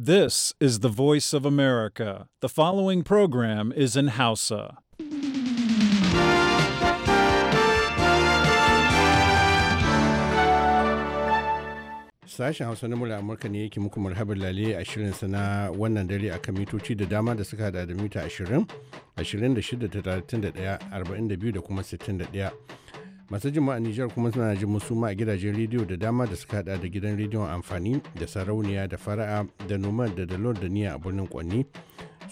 This is the voice of America. The following program is in Hausa. Sashen Hausa na murya Amurka ne yake muku marhabar lale a shirin na wannan dare akan mitoci da dama da suka hada da mita 20, 26, 31, 42 da kuma 61. masu jima a Nijar kuma suna jin musu ma a gidajen rediyo da dama da suka hada da gidan rediyon amfani da sarauniya da fara'a da noman da dalol da niya a birnin kwanni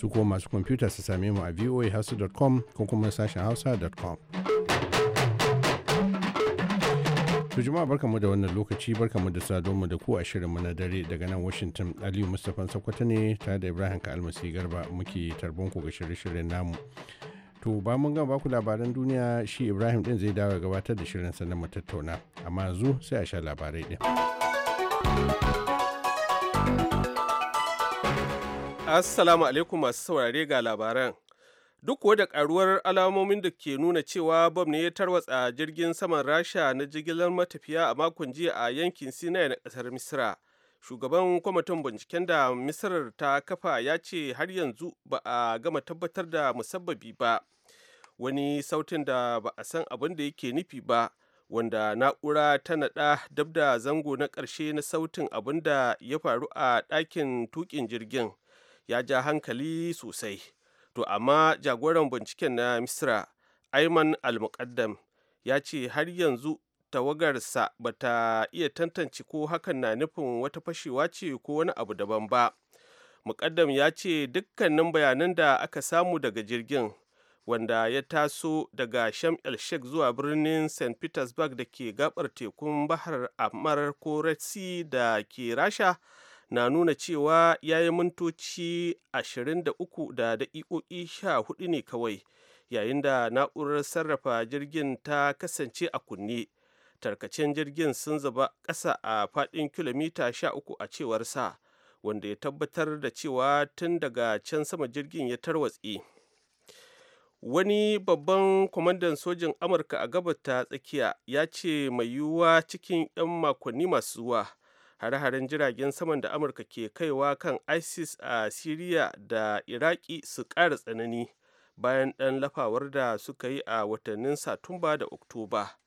su kuma masu kwamfuta su same mu a voahouse.com ko kuma sashen hausa.com to jama'a barkamu da wannan lokaci barkamu da mu da ku a shirin mu na dare daga nan washington aliyu mustapha sakwata ne tare da ibrahim ka'al garba muke tarbon ku ga shirye-shiryen namu To ba mun gama baku labaran duniya shi Ibrahim din zai dawo gabatar da shirin sannan mu tattauna amma yanzu sai a sha labarai din. Assalamu alaikum masu saurare ga labaran. Duk kuwa da karuwar alamomin da ke nuna cewa bom ne ya tarwatsa jirgin saman Rasha na jigilar matafiya a makon jiya a yankin Sinai na ƙasar Misra. shugaban kwamitin binciken da misrar ta kafa ya ce har yanzu ba a gama tabbatar da musabbabi ba wani sautin da ba a san abin da yake nufi ba wanda na'ura ta naɗa dab da zango na ƙarshe na sautin abin da ya faru a ɗakin tukin jirgin ya ja hankali sosai to amma jagoran binciken na misra Ayman al-muqaddam ya ce har yanzu tawagarsa ba ta iya tantance ko hakan na nufin wata fashewa ce ko wani abu daban ba muqaddam ya ce dukkanin bayanan da aka samu daga jirgin wanda ya taso daga sham el sheikh zuwa birnin st petersburg da ke gabar tekun bahar amar ko da ke rasha na nuna cewa ya yi mintoci 23 da da'i'o'i 14 ne kawai yayin da na'urar sarrafa jirgin ta kasance a kunne tarkacen jirgin sun zaba ƙasa a faɗin kilomita 13 a cewar sa wanda ya tabbatar da cewa tun daga can sama jirgin ya tarwatse wani babban kwamandan sojin amurka a gabar ta tsakiya ya ce mai yiwuwa cikin 'yan makonni masu zuwa hare-haren jiragen saman da amurka ke kaiwa kan isis a siriya da iraki su ƙara tsanani bayan ɗan lafawar da suka yi a watannin satumba da oktoba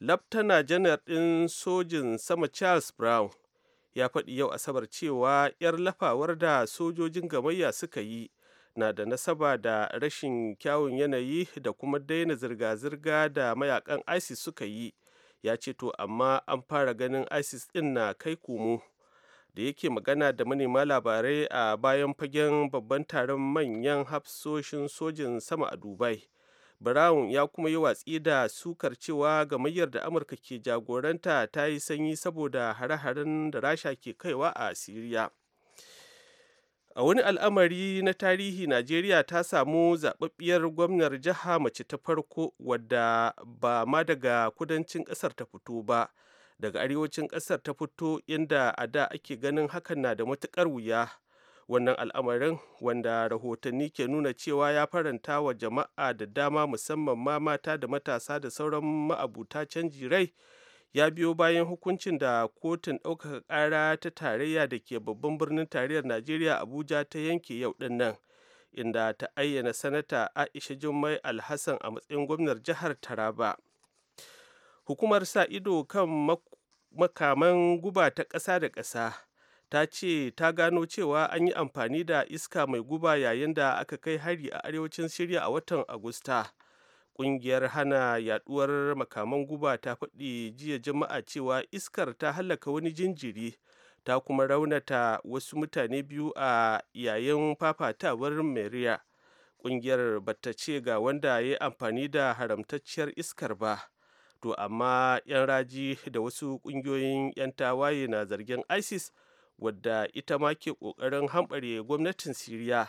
laftana janar ɗin sojin sama charles brown ya faɗi yau asabar cewa 'yar lafawar da sojojin gamayya suka yi na da nasaba da rashin kyawun yanayi da kuma daina zirga-zirga da mayakan isis suka yi ya ce to amma an fara ganin isis din na kai komo da yake magana da manema labarai a bayan fagen babban taron manyan hafsoshin sojin sama a dubai brown ya kuma yi watsi da sukar cewa gamayyar da amurka ke jagoranta ta yi sanyi saboda hare-haren da rasha ke kaiwa a siriya a wani al'amari na tarihi najeriya ta samu zaɓaɓɓiyar gwamnar jiha mace ta farko wadda ba ma daga kudancin ƙasar ta fito ba daga arewacin ƙasar ta fito inda a da ake ganin hakan na da matuƙar wuya wannan al'amarin wanda rahotanni ke nuna cewa ya faranta wa jama'a da dama musamman ma mata da matasa da sauran ma'abuta canji rai ya biyo bayan hukuncin da kotun ɗaukaka ƙara ta tarayya da ke babban birnin tarayyar najeriya abuja ta yanke yau ɗin nan inda ta ayyana sanata aisha jummai alhassan a matsayin gwamnar jihar taraba hukumar sa ido kan makaman guba ta ƙasa da ƙasa ta ce ta gano cewa an yi amfani da iska mai guba yayin da aka kai hari a arewacin shirya a watan agusta Ƙungiyar hana yaduwar makaman guba ta faɗi jiya jama'a cewa iskar ta hallaka wani jinjiri ta kuma raunata wasu mutane biyu a yayin fafatawar Maria. Ƙungiyar bata ce ga wanda ya yi amfani da haramtacciyar iskar ba. To amma 'yan raji da wasu ƙungiyoyin 'yan tawaye na zargin ISIS wadda ita ma ke ƙoƙarin hamɓare gwamnatin Siriya.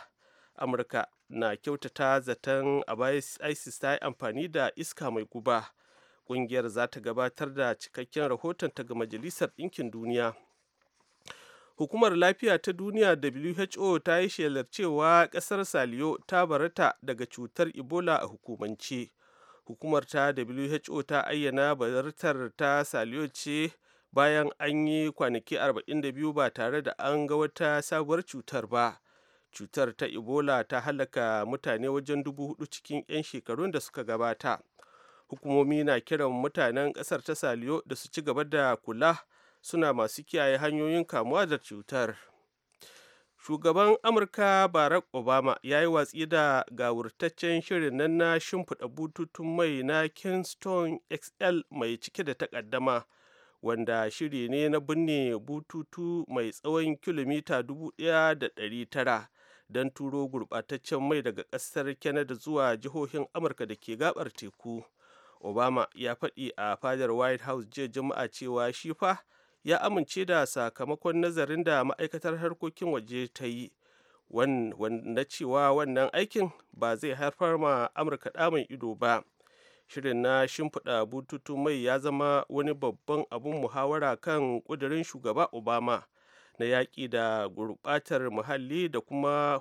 amurka na kyautata zaton a isis ta yi amfani da iska mai guba ƙungiyar za ta gabatar da cikakken rahoton ta ga majalisar ɗinkin duniya hukumar lafiya ta duniya who ta yi shelar cewa ƙasar saliyo ta barata daga cutar ebola a hukumance hukumar ta who ta ayyana baratar ta saliyo ce bayan an yi kwanaki 42 ba tare da an ga wata sabuwar cutar ba cutar ta ebola ta halaka mutane wajen dubu hudu cikin 'yan shekarun da suka gabata hukumomi na kiran mutanen kasar ta saliyo da su ci gaba da kula suna masu kiyaye hanyoyin kamuwa da cutar shugaban amurka barack obama ya yi watsi da gawurtaccen shirin nan na shimfiɗa bututun mai na kingston xl mai cike da takaddama wanda shiri ne na binne bututu mai tsawon kilomita 1,900 don turo gurɓataccen mai daga ƙasar canada zuwa jihohin amurka da ke gabar teku obama ya faɗi a fadar white house jiya juma'a cewa shi fa ya amince da sakamakon nazarin da ma'aikatar harkokin waje ta yi wanda cewa wannan aikin ba zai haifar ma amurka ɗamin ido ba shirin na shimfiɗa bututun mai ya zama wani babban abun muhawara kan ƙudurin shugaba obama na yaƙi da gurɓatar muhalli da kuma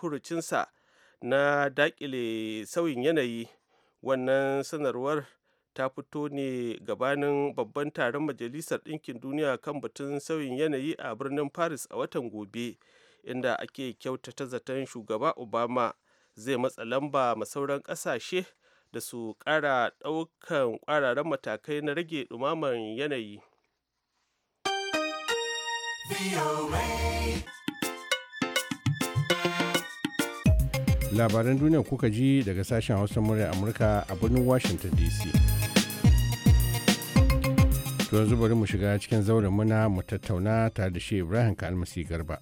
hurucinsa na daƙile sauyin yanayi wannan sanarwar ta fito ne gabanin babban taron majalisar ɗinkin duniya kan batun sauyin yanayi a birnin paris a watan gobe inda ake kyautata zaton shugaba obama zai matsa lamba ma sauran ƙasashe da su ƙara ɗaukan ƙwararren matakai na rage ɗumaman yanayi labaran duniya kuka ji daga sashen hausa murya amurka a birnin washington dc to yanzu bari mu shiga cikin zauren muna mu tattauna tare da shi ibrahim kalmasi garba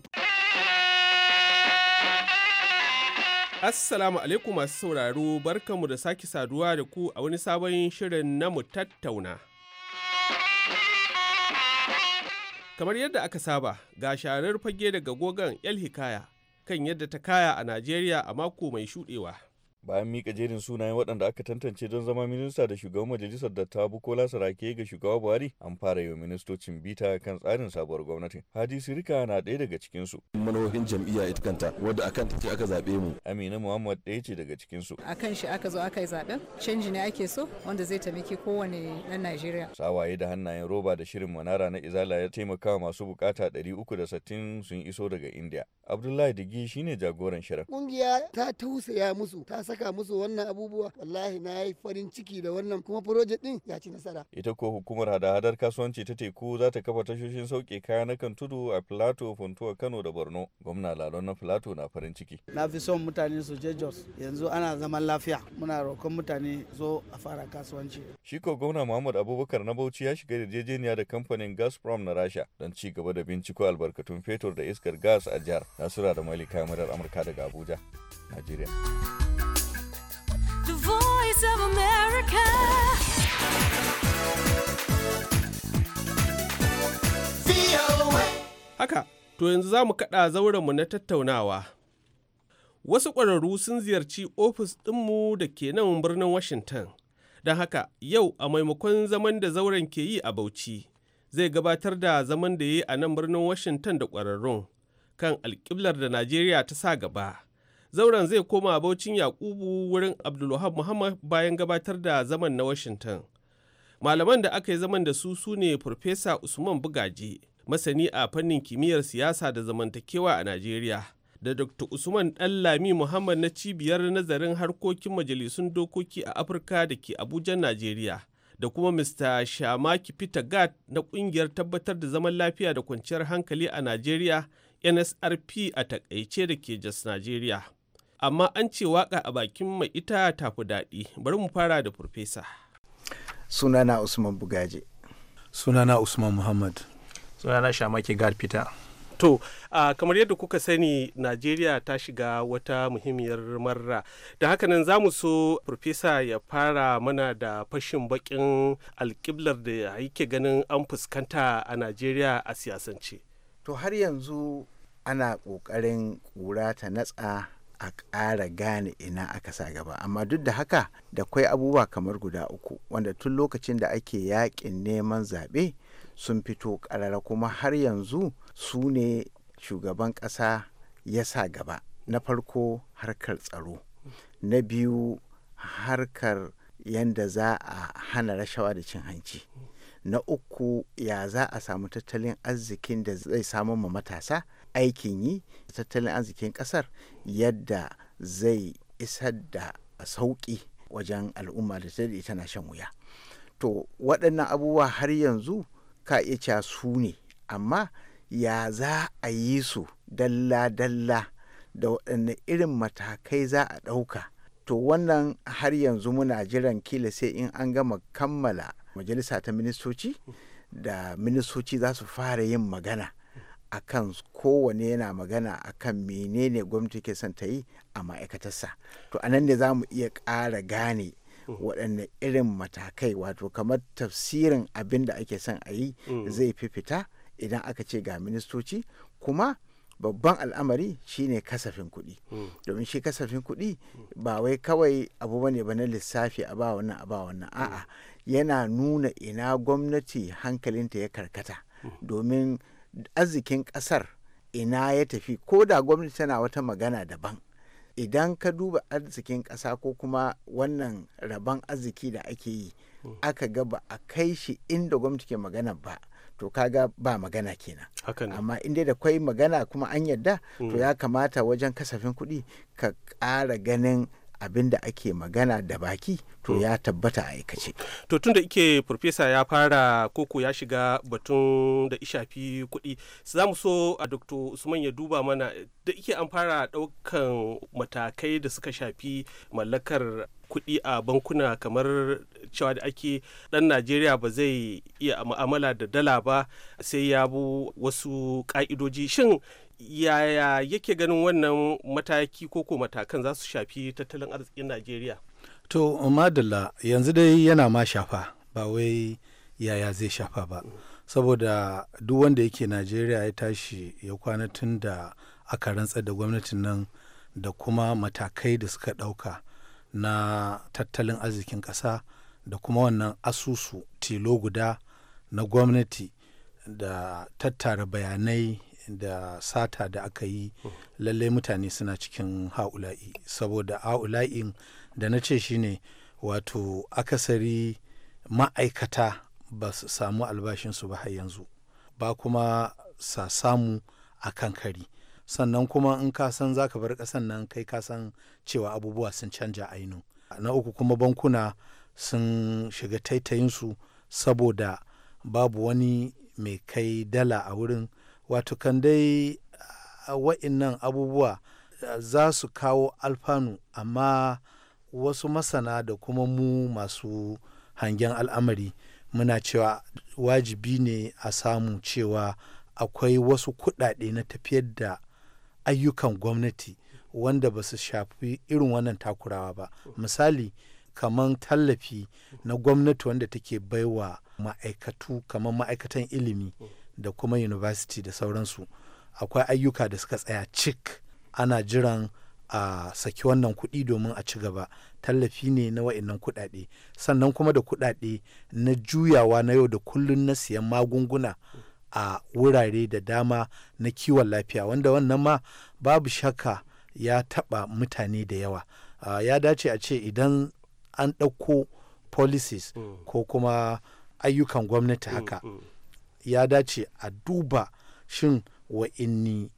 assalamu alaikum masu sauraro barkanmu da sake saduwa da ku a wani sabon shirin na mu tattauna Kamar yadda aka saba, ga sharar fage daga gogon El Hikaya kan yadda ta kaya a Najeriya a mako mai shuɗewa. bayan mika jerin sunayen waɗanda aka tantance don zama minista da shugaban majalisar da dattawa bukola sarake ga shugaba buhari an fara yi ministocin bita kan tsarin sabuwar gwamnati. hadi sirika na ɗaya daga cikinsu manohin jam'iyya ita kanta wadda akan take aka zaɓe mu amina muhammad ɗaya ce daga cikinsu akan shi aka zo aka yi zaɓen canji ne ake so wanda zai taimaki kowane ɗan najeriya sawaye da hannayen roba da shirin manara na izala ya taimaka masu bukata da sittin sun iso daga Indiya. abdullahi digi shine jagoran shirin kungiya ta tausaya musu ta saka musu wannan abubuwa wallahi na yi farin ciki da wannan kuma project din ya ci nasara ita ko hukumar hada-hadar kasuwanci ta teku za ta kafa tashoshin sauke kaya na kan tudu a Filato, Funtuwa, Kano da Borno gwamna Lalon na Filato na farin ciki na fi son mutane su je Jos yanzu ana zaman lafiya muna roƙon mutane zo a fara kasuwanci shi ko gwamna Muhammad Abubakar na Bauchi ya shiga yarjejeniya da kamfanin Gazprom na Rasha don ci gaba da binciko albarkatun fetur da iskar gas a jihar Nasura da Malika Murar Amurka daga Abuja Najeriya of America. Haka, to yanzu za mu kaɗa zaurenmu na tattaunawa. Wasu ƙwararru sun ziyarci ofis ɗinmu da ke nan birnin Washington. Don haka, yau a maimakon zaman da zauren ke yi a Bauchi, zai gabatar da zaman da ya yi a nan birnin Washington da ƙwararrun kan alƙiblar da Najeriya ta sa gaba. zauren zai koma abocin yakubu wurin abdulwahab muhammad bayan gabatar da zaman na washington malaman da aka yi zaman da su sune ne farfesa usman bugaji masani a fannin kimiyyar siyasa da zamantakewa a najeriya da dr usman ɗanlami muhammad na cibiyar nazarin harkokin majalisun dokoki a afirka da ke abuja najeriya da kuma mr shamaki peter gat na ƙungiyar tabbatar da zaman lafiya da kwanciyar hankali a najeriya nsrp a takaice da ke jas najeriya amma an ce waka a bakin mai ita tafi daɗi bari mu fara da farfesa sunana usman bugaje sunana usman muhammad sunana shamaki gar fita. To, uh, kamar yadda kuka sani, Najeriya ta shiga wata muhimmiyar marra. Da hakanan za mu so Profesa ya fara mana da fashin bakin alkiblar da yake ganin an fuskanta a Najeriya a siyasance. To, har yanzu ana ƙoƙarin ƙura ta natsa a ƙara gane ina aka sa gaba amma duk da haka da kwai abubuwa kamar guda uku wanda tun lokacin da ake yakin neman zaɓe sun fito ƙarara kuma har yanzu su ne shugaban ƙasa ya sa gaba na farko harkar tsaro na biyu harkar yadda za a hana rashawa da cin hanci na uku ya za a samu tattalin arzikin da zai samu ma matasa aikin yi tattalin arzikin kasar yadda zai isar da sauƙi wajen al'umma da ta tana shan wuya to waɗannan abubuwa har yanzu ka iya cewa su ne amma ya za a yi su dalla-dalla da waɗanne irin matakai za a ɗauka to wannan har yanzu muna jiran kila sai in an gama kammala majalisa ta ministoci da ministoci za su fara yin magana akan kowane yana magana a kan menene gwamnati ke son ta yi a ma'aikatarsa to a nan ne za mu iya ƙara gane mm-hmm. waɗanne irin matakai wato kamar tafsirin abin da ake son a yi mm. zai fi fita idan aka ce ga ministoci kuma babban al'amari shine kasafin kuɗi mm. domin shi kasafin kuɗi ba wai kawai abu bane ba na lissafi a ba wannan a ba wannan a'a mm. yana nuna ina gwamnati hankalinta ya karkata domin arzikin ƙasar ina ya tafi ko da gwamnati tana wata magana daban idan ka duba arzikin ƙasa ko kuma wannan rabon arziki da ake yi aka ga ba a kai shi inda gwamnati ke magana ba to kaga ba magana kenan amma inda da kwai magana kuma an yarda to mm. ya kamata wajen kasafin kuɗi ka ƙara ganin abin da ake magana da baki to ya tabbata a aikace. To tun da ike Profesa ya fara koko ya shiga batun da ishafi kuɗi, za mu so a Dr. Usman ya duba mana da ike an fara ɗaukan matakai da suka shafi mallakar kuɗi a bankuna kamar cewa da ake ɗan najeriya ba zai iya mu'amala da dala ba sai ya bu wasu ƙa'idoji shin yaya yake ganin wannan mataki ko ko matakan za su shafi tattalin arzikin najeriya to madalla yanzu dai yana ma shafa ba wai yaya zai shafa ba mm. saboda duk wanda yake najeriya ya tashi ya kwana tun da aka rantsar da gwamnatin nan da kuma matakai da suka ɗauka na tattalin arzikin ƙasa da kuma wannan asusu tilo guda na gwamnati da tattara bayanai da sata da aka yi lallai mutane suna cikin ha'ula'i saboda ha'ula'in da na ce shine wato akasari ma'aikata ba su samu albashinsu ba har yanzu ba kuma sa samu a kan kari sannan kuma in ka san za ka bar ƙasan nan kai ka san cewa abubuwa sun canja ainu na uku kuma bankuna sun shiga taitayinsu saboda babu wani mai kai dala a wurin wato kan dai wa'innan abubuwa za su kawo alfanu amma wasu masana da kuma mu masu hangen al'amari muna cewa wajibi ne a samu cewa akwai wasu kuɗaɗe na tafiyar da ayyukan gwamnati wanda ba su shafi irin wannan takurawa ba misali kamar tallafi na gwamnati wanda take baiwa ma'aikatu kamar ma'aikatan ilimi da kuma university da sauransu akwai ayyuka da suka tsaya cik ana jiran a saki wannan kuɗi domin a ci gaba tallafi ne na wa'annan kuɗaɗe sannan kuma da kuɗaɗe na juyawa na yau da kullun na siyan magunguna a wurare da dama na kiwon lafiya wanda wannan ma babu shakka ya taɓa mutane da yawa ya dace a ce idan an ɗauko policies mm. ko kuma ayyukan gwamnati mm, haka mm. ya dace a duba shin wa'inni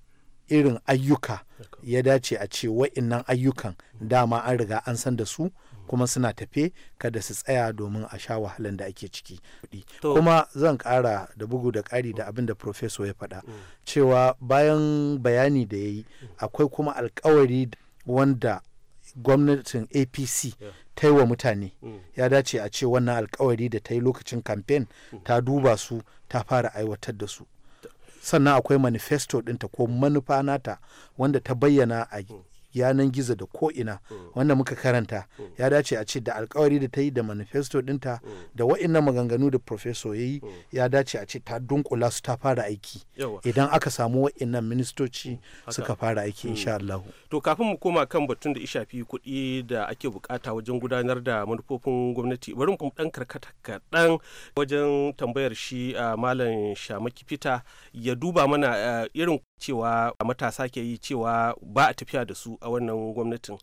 irin ayyuka ya dace a ce wa'innan ayyukan dama an riga an san da su kuma suna tafe kada su tsaya domin a sha wahalan da ake ciki kuma zan kara da bugu da kari da abin da professor ya faɗa cewa bayan bayani da ya yi akwai kuma alkawari wanda gwamnatin apc ta yi wa mutane mm. ya dace a ce wannan alkawari da ta yi lokacin kamfen mm. ta duba su ta fara aiwatar da su sannan akwai manifesto ɗinta ko manufa nata wanda ta bayyana a mm. yanan gizo da ko'ina hmm. wanda muka karanta hmm. ya dace a ce da alkawari da ta yi da manifesto dinta hmm. da wa'in maganganu da professor ya yi ya dace a ce ta dunkula su ta fara aiki idan aka samu wa'innan ministoci suka fara aiki insha Allah to kafin mu koma kan batun da ishafi kuɗi da ake bukata wajen gudanar da manufofin gwamnati bari mu dan karkata kaɗan wajen tambayar shi ah, malam shamaki fita ya duba mana ah, irin cewa matasa ke yi cewa ba a tafiya da su a wannan gwamnatin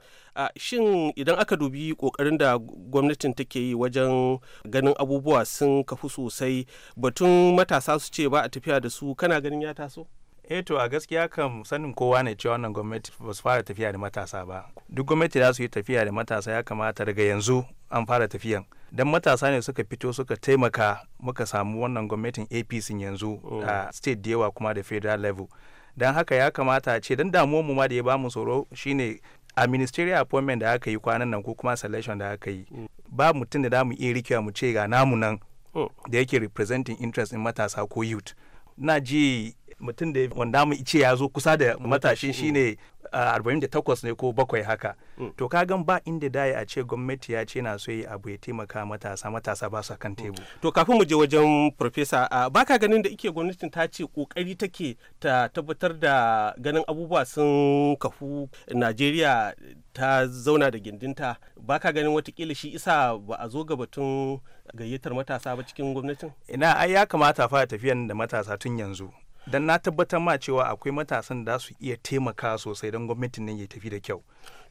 shin idan aka dubi kokarin da gwamnatin take yi wajen ganin abubuwa sun kafu sosai batun matasa su ce ba a tafiya da su kana ganin ya taso eh to a gaskiya kan sanin kowa ne cewa wannan gwamnati ba su fara tafiya da matasa ba duk gwamnati za su yi tafiya da matasa ya kamata daga yanzu an fara tafiyan dan matasa ne suka fito suka taimaka muka samu wannan gwamnatin apc yanzu oh. a state da yawa kuma da federal level don haka ya kamata a ce don damuwar mu ma da ya bamu tsoro shine a ministerial appointment da aka yi kwanan nan ko kuma selection da aka yi ba mutum da damu iya rikewa mu ce ga namu nan hmm. da yake representing interest in matasa ko youth na ji mutum da wanda mu ce ya zo kusa da matashin mm. shine 48 ne ko bakwai haka mm. to ka gan ba inda daya a ce gwamnati ya ce na so yi abu ya taimaka matasa matasa ba su kan mm. tebu to kafin mu je wajen profesa ba ka ganin da ike gwamnatin ta ce kokari take ta tabbatar da ganin abubuwa sun kafu najeriya ta zauna da gindinta ba ka ganin watakila shi isa ba a zo ga batun gayyatar matasa ba cikin gwamnatin ina ai ya kamata fa tafiyan da matasa tun yanzu don na tabbatar ma cewa akwai matasan da su iya taimaka sosai don gwamnatin nan ya tafi da kyau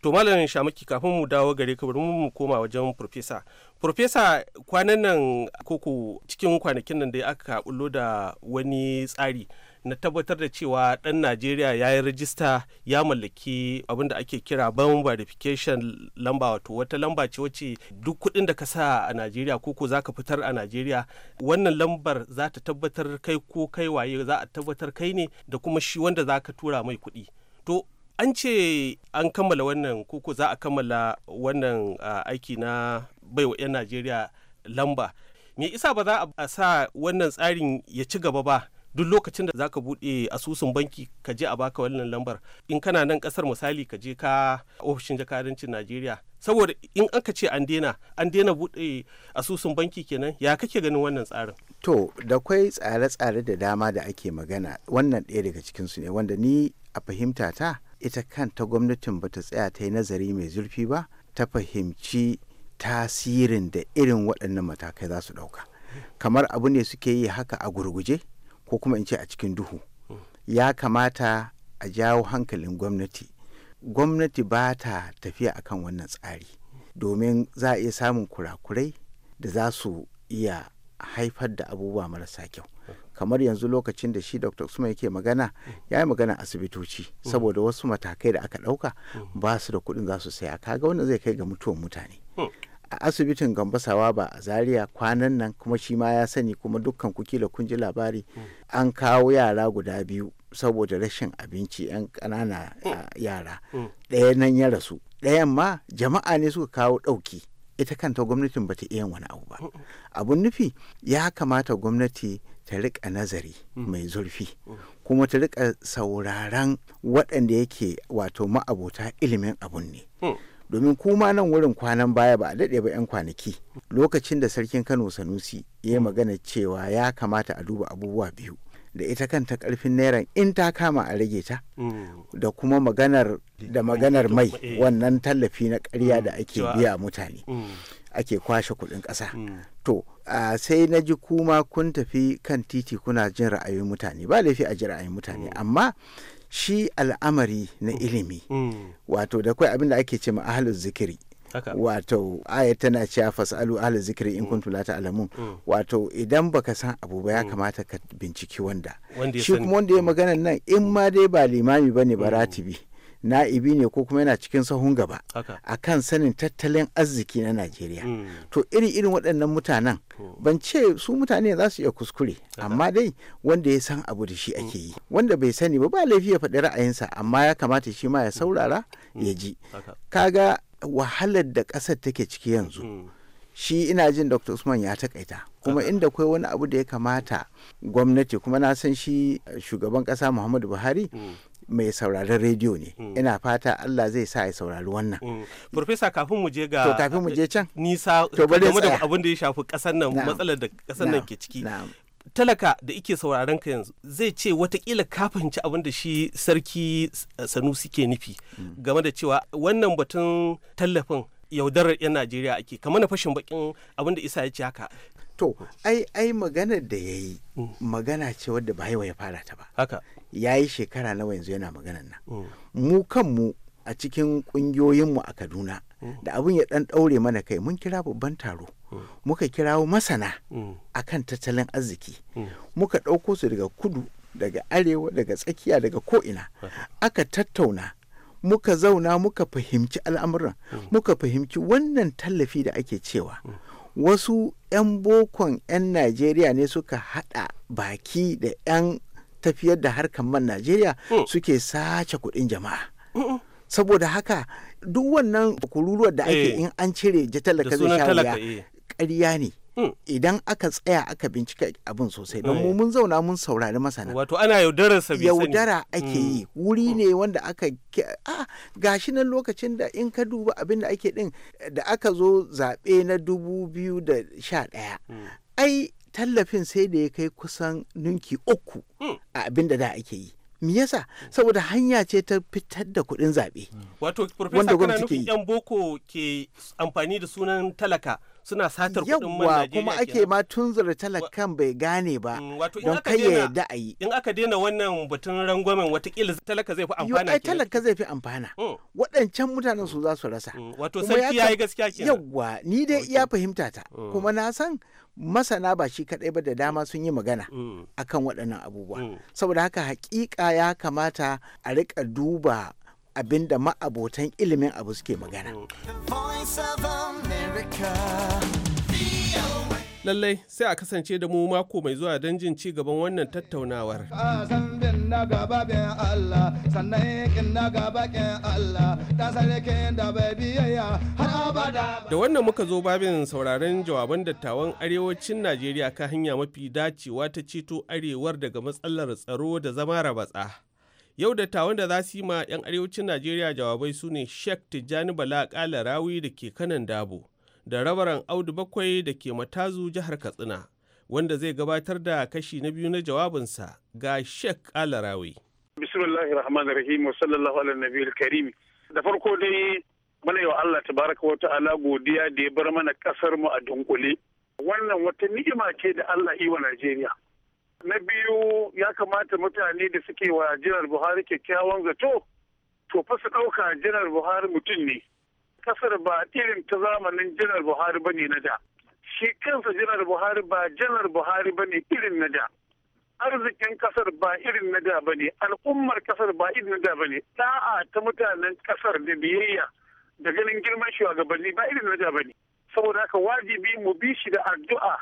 to malamin shamaki kafin mu dawo gare ka bari mu koma wajen profesa profesa kwanan nan koko cikin kwanakin nan da aka bullo da wani tsari na tabbatar da cewa ɗan najeriya ya yi rajista ya mallaki abin da ake kira ban verification lamba wato wata lamba ce wacce duk kuɗin da ka sa a najeriya ko ko za fitar a najeriya wannan lambar za ta tabbatar kai ko kai waye za a tabbatar kai ne da kuma shi wanda za ka tura mai kuɗi to an ce an kammala wannan ko ko za a kammala wannan aiki na baiwa 'yan najeriya lamba me isa ba za a sa wannan tsarin ya ci gaba ba duk lokacin da zaka bude asusun banki ka je a baka wannan lambar in kana nan kasar misali ka je ka ofishin jakadancin Najeriya saboda in an ka ce an daina an daina bude asusun banki kenan ya kake ganin wannan tsarin to da kwai tsare-tsare da dama da ake magana wannan ɗaya daga cikin su ne wanda ni a fahimta ta ita kanta gwamnatin bata tsaya ta yi nazari mai zurfi ba ta fahimci tasirin da irin waɗannan matakai za su ɗauka kamar abu ne suke yi haka a gurguje ko kuma in ce a cikin duhu ya kamata a jawo hankalin gwamnati gwamnati ba ta tafiya akan wannan tsari domin za a iya samun kurakurai da za su iya haifar da abubuwa marasa kyau kamar yanzu lokacin da shi dr suma yake magana ya yi magana asibitoci saboda wasu matakai da aka ɗauka ba su da kuɗin za su saya kaga wannan zai kai ga mutuwan mutane A asibitin gambasawa ba a zaria kwanan nan kuma shi ma ya sani kuma dukkan kuki da kun ji labari mm. an kawo yara guda biyu saboda rashin abinci yan ƙanana mm. yara mm. ɗaya nan ya rasu ɗayan ma jama'a ne suka kawo ɗauki ita kanta gwamnatin bata iya wani abu ba abun nufi ya kamata gwamnati ta rika nazari mai zurfi kuma ta rika sauraron waɗanda yake wato ma'abota ilimin abun ne domin kuma nan wurin kwanan baya ba a daɗe ba 'yan kwanaki lokacin da sarkin kano sanusi ya magana cewa ya kamata a duba abubuwa biyu da ita kanta karfin naira in ta kama a rage ta mm. da kuma maganar da maganar mai eh. wannan tallafi na karya da mm. ake biya mutane mm. ake kwashe kuɗin ƙasa to sai na ji kuma kun tafi kan titi kuna jin ra'ayoyin mutane ba laifi a ji ra'ayin mutane amma shi al'amari na mm. ilimi mm. wato da kai abin da ake ce ma zikiri wato aya tana cewa fasalu ahli zikiri in mm. kuntum ta ta'lamun wato idan baka san abu ba ya kamata ka binciki wanda shi kuma wanda ya magana nan in ma dai ba limami bane ba ratibi na'ibi ne ko kuma yana cikin sahun gaba a kan sanin tattalin arziki na najeriya mm. to iri irin waɗannan mutanen ban ce su mutane za su iya kuskure amma dai wanda ya san abu da shi mm. ake yi wanda bai sani ba ba laifi ya faɗi ra'ayinsa amma ya kamata shi ma ya mm. saurara ya ji kaga wahalar da ƙasar take ciki yanzu shi ina jin dr usman ya takaita kuma inda kwai wani abu da ya kamata gwamnati kuma na san shi shugaban ƙasa muhammadu buhari mai sauraron rediyo ne hmm. ina fata Allah zai sa ya saurari wannan hmm. Profesa kafin mu je ga to kafin mu je can nisa game da abin da ya shafi kasar nan matsalar da kasar nan ke ciki talaka da ike sauraron ka yanzu zai ce watakila ka fahimci abin da shi sarki eh, sanusi ke nufi hmm. game da cewa wannan batun tallafin yaudarar 'yan najeriya ake kamar na fashin bakin abin da isa ya ce haka to ai ai maganar da ya yi magana ce wadda ba ya fara ta ba haka ya yi shekara nawa yanzu yana maganar nan mm. mu kanmu a cikin ƙungiyoyinmu a kaduna mm. da abin ya ɗan ɗaure mana kai mun kira babban taro mm. muka kirawo masana a kan tattalin arziki muka ɗauko su daga kudu daga arewa daga tsakiya daga ko'ina aka tattauna muka zauna muka fahimci al'amuran muka fahimci wannan tallafi da ake cewa wasu 'yan bokon 'yan najeriya ne suka haɗa baki da 'yan tafiyar da harkar man najeriya mm. suke sace kuɗin jama'a saboda haka duk wannan kururuwar da ake eh. in an cire talaka zai sha wuya eh. ƙarya ne Hmm. idan aka tsaya aka bincika abin sosai don mu eh. mun zauna mun saurari masana wato ana yaudarar sa yaudara ake hmm. yi wuri hmm. ne wanda aka a gashi nan lokacin da in ka duba abin da ake din da aka zo zaɓe na dubu biyu da sha ɗaya ai tallafin sai da ya kai kusan ninki uku a abin da da ake yi me yasa saboda hanya ce ta fitar da kuɗin zaɓe wato profesa kana nufin yan boko ke amfani da sunan talaka suna satar kuɗin man Najeriya kuma ake ma tunzura talakan bai gane ba mm, don kai ya yarda a yi in aka daina wannan batun rangwamen watakila talaka zai fi amfana yau talaka zai fi amfana mm. waɗancan mutanen su za su rasa mm, wato sarki yayi gaskiya kenan yawwa ni dai iya fahimta ta kuma na san masana ba shi kaɗai ba da dama sun yi magana akan waɗannan abubuwa saboda haka hakika ya kamata a riƙa duba abin da ma'abotan ilimin abu suke magana. Lallai sai a kasance da mu mako mai zuwa don jin ci gaban wannan tattaunawar. Ah, da wannan muka zo babin sauraron jawaban dattawan arewacin Najeriya ka hanya mafi dacewa ta ceto arewar daga matsalar tsaro da zama rabatsa. Yau dattawan da za su yi ma 'yan arewacin Najeriya jawabai su ne Sheikh Tijjani Bala Kala Rawi da ke kanan Dabo da rabaran Audu Bakwai da ke Matazu jihar Katsina wanda zai gabatar da kashi na biyu na jawabinsa ga Sheikh Kala Rawi. Bismillahir rahman Rahim sallallahu ala karim. Da farko dai mana yau Allah tabaraka wa ta'ala godiya da ya bar mana kasar mu a dunkule. Wannan wata ni'ima ce da Allah yi wa Najeriya. na biyu ya kamata mutane da suke wa jiran buhari kyakkyawan zato to fa su ɗauka jiran buhari mutum ne kasar ba irin ta zamanin jiran buhari ba ne na da shi kansa jiran buhari ba jiran buhari ba ne irin na da arzikin kasar ba irin na da ba ne al'ummar kasar ba irin na da ba ne da'a ta mutanen kasar da biyayya da ganin girman shugabanni ba irin na da ba ne saboda haka wajibi mu bi shi da addu'a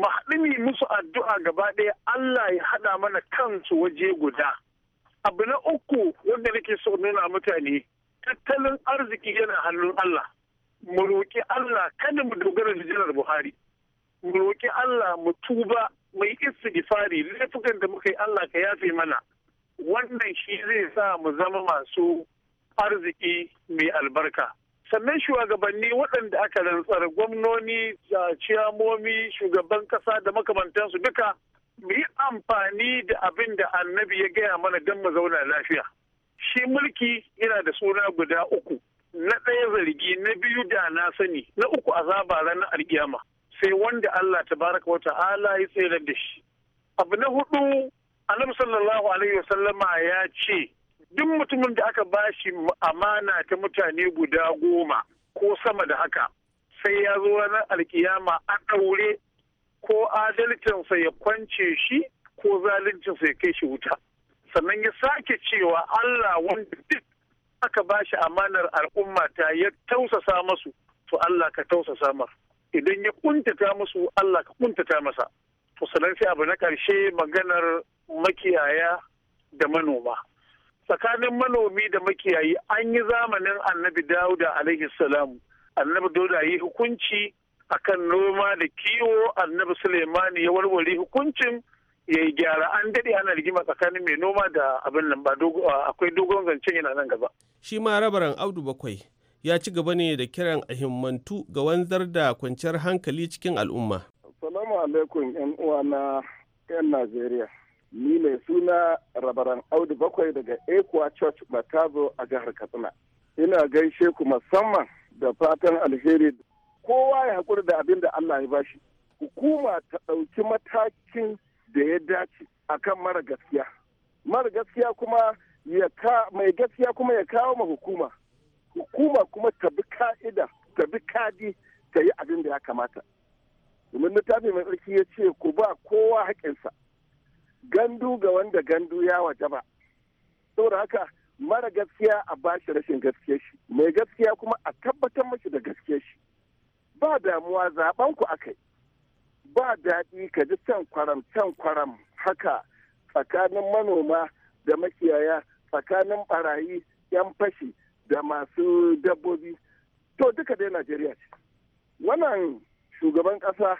mu haɗu musu addu'a gaba ɗaya Allah ya haɗa mana kansu waje guda. Abu na uku wanda nake so nuna mutane tattalin arziki yana hannun Allah. Mu roƙi Allah kada mu dogara da janar Buhari. Mu roƙi Allah mu tuba mai isa istighfari laifukan da muka yi Allah ka yafe mana. Wannan shi zai sa mu zama masu arziki mai albarka. sannan shugabanni waɗanda aka rantsar gwamnoni da ciyamomi shugaban ƙasa da makamantansu duka mu yi amfani da abin da annabi ya gaya mana don mu zauna lafiya shi mulki yana da suna guda uku na ɗaya zargi na biyu da na sani na uku a azaba ranar alkiyama sai wanda Allah ta baraka wata ta'ala ya tsere da shi abu na hudu annabi sallallahu alaihi wasallama ya ce duk mutumin da aka ba shi amana ta mutane guda goma ko sama da haka sai ya zo ranar alkiyama a ɗaure ko adalcinsa ya kwance shi ko zaluncinsa ya kai shi wuta sannan ya sake cewa Allah wanda duk aka bashi amanar al'umma ta ya tausasa masu to Allah ka tausasa mar idan ya kuntata musu Allah ka kuntata masa to sannan sai abu na ƙarshe maganar makiyaya da manoma tsakanin manomi da makiyayi an yi zamanin annabi dauda alaihi salam annabi dauda yi hukunci akan noma da kiwo annabi sulemani ya warware hukuncin ya yi gyara an daɗe ana rigima tsakanin mai noma da abin nan ba akwai dogon zancen yana nan gaba shi ma rabaran audu bakwai ya ci gaba ne da kiran ahimmantu ga wanzar da kwanciyar hankali cikin al'umma salamu alaikum yan uwa na yan najeriya ni mai suna rabaran audu bakwai daga Ekuwa Church Batazo a jihar Katsina. Ina gaishe ku musamman da fatan alheri kowa ya haƙuri da abin da Allah ya bashi. Hukuma ta ɗauki matakin da ya dace akan mara gaskiya. Mara gaskiya kuma ya ka mai gaskiya kuma ya kawo ma hukuma. Hukuma kuma ta bi ka'ida, ta bi kadi, ta yi abin da ya kamata. Domin littafi mai tsarki ya ce ku ba kowa haƙinsa. gandu ga wanda gandu ya waje ba saboda haka mara gaskiya a bashi rashin gaskiya shi mai gaskiya kuma a tabbatar mashi da gaskiya shi ba damuwa zaben ku yi. ba daɗi ka ji can kwaram can kwaram haka tsakanin manoma da makiyaya tsakanin barayi yan fashi da masu dabbobi to duka dai najeriya ce wannan shugaban ƙasa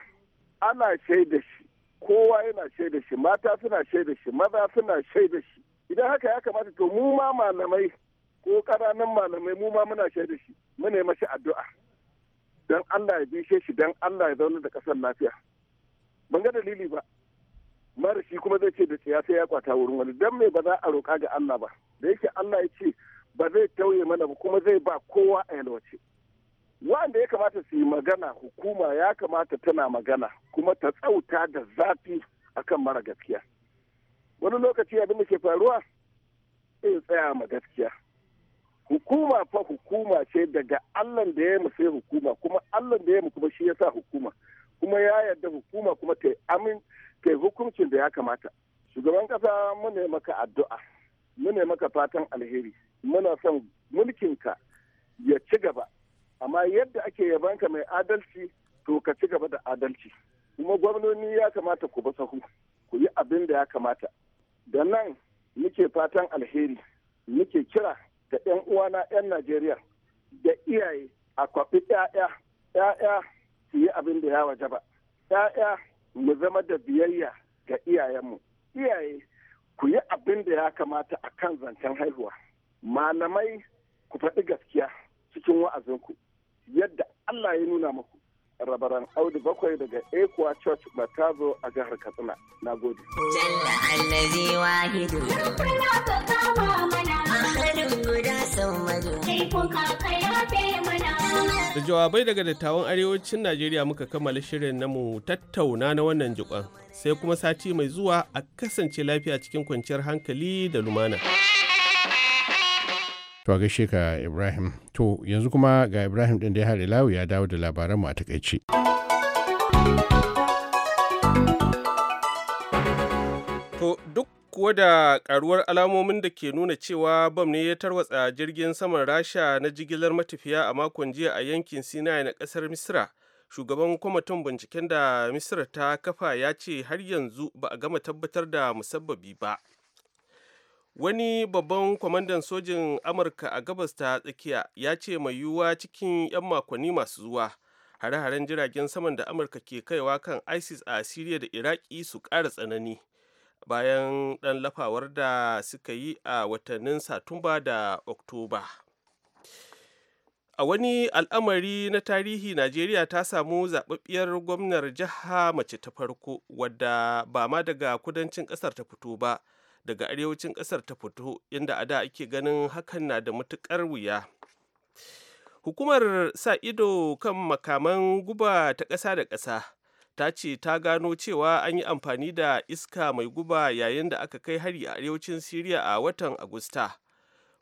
ana shaida shi kowa yana shaida shi mata suna shaida shi maza suna shaida shi idan haka ya kamata to mu ma malamai ko ƙananan malamai mu ma muna shaida shi mu nema shi addu'a dan Allah ya bishe shi dan Allah ya zauna da ƙasar lafiya ban ga dalili ba marashi kuma zai ce da tsiya sai ya kwata wurin wani dan me ba za a roƙa ga Allah ba da yake Allah ya ce ba zai tauye mana ba kuma zai ba kowa a yalwace wanda ya kamata su yi magana hukuma ya kamata tana magana kuma ta tsauta da zafi akan mara gaskiya wani lokaci abin da ke faruwa sai tsaya ma gaskiya hukuma fa hukuma ce daga allan da ya sai hukuma kuma allan da ya mu kuma shi ya sa hukuma kuma ya yarda hukuma kuma ta amin ta hukuncin da ya kamata shugaban kasa muna maka addu'a muna maka fatan alheri muna son mulkinka ya ci gaba amma yadda ake yabanka mai adalci to ka ci gaba da adalci kuma gwamnoni ya kamata ku basahu ku yi abin da ya kamata da nan muke fatan alheri muke kira ga 'yan uwana 'yan najeriya da iyaye a kwafi 'ya'ya 'ya'ya su yi abin da ya wajaba 'ya'ya mu zama da biyayya ga iyayenmu iyaye ku yi abin da ya kamata a kan zancen haihuwa malamai ku faɗi gaskiya cikin wa'azinku yadda Allah ya nuna muku. rabaran Audu bakwai daga Ekuwa Church Matazo a jihar Katsina. Na gode. Jalla allazi wahidu. Da jawabai daga dattawan arewacin Najeriya muka kammala shirin na mu tattauna na wannan jikon. Sai kuma sati mai zuwa a kasance lafiya cikin kwanciyar hankali da lumana. To a gaishe ka Ibrahim. To yanzu kuma ga Ibrahim ɗin da ya haɗe lawi ya dawo da labaran mu a takaice. To duk kuwa da karuwar alamomin da ke nuna cewa bam ne ya tarwatsa jirgin saman rasha na jigilar matafiya a makon jiya a yankin sinai na kasar misra shugaban kwamitin binciken da misra ta kafa ya ce har yanzu ba a gama tabbatar da musabbabi ba wani babban kwamandan sojin amurka a gabas ta tsakiya ya ce mai yiwuwa cikin 'yan makonni masu zuwa hare-haren jiragen saman da amurka ke kaiwa kan isis a siriya da iraki su ƙara tsanani bayan ɗan lafawar da suka yi a watannin satumba da oktoba a wani al'amari na tarihi najeriya ta samu zaɓaɓɓiyar gwamnar jiha mace ta farko wadda ba ma daga kudancin ƙasar ta fito ba daga arewacin ƙasar ta fito inda a da ake ganin hakan na da matukar wuya hukumar sa ido kan makaman guba ta ƙasa da ƙasa ta ce ta gano cewa an yi amfani da iska mai guba yayin da aka kai hari a arewacin siriya a watan agusta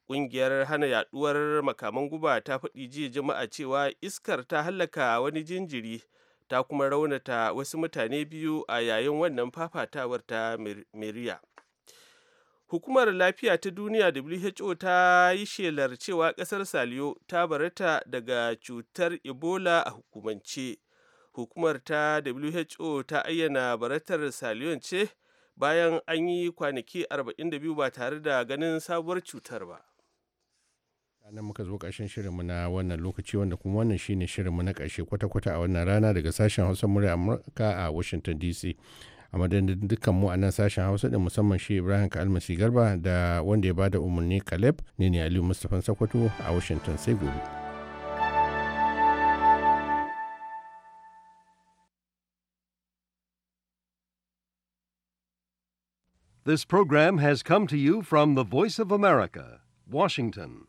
ƙungiyar hana yaduwar makaman guba ta faɗi jiya jama'a cewa iskar ta hallaka wani jinjiri ta kuma raunata wasu mutane biyu a yayin wannan fafatawar ta miriya hukumar lafiya ta duniya who ta yi shelar cewa kasar saliyo ta barata daga cutar ebola a hukumance hukumar ta who ta ayyana baratar saliyon ce bayan an yi kwanaki 42 ba tare da ganin sabuwar cutar ba nan muka zo ƙarshen shirinmu na wannan lokaci wanda kuma wannan shine shirinmu na ƙarshe kwata-kwata a wannan rana daga sashen hausa murya amurka a washington dc a madadin dukkan mu a nan sashen hausa da musamman shi ibrahim kalmasi garba da wanda ya bada umarni ne ne aliyu mustapha a washington sai gobe This program has come to you from the Voice of America, Washington.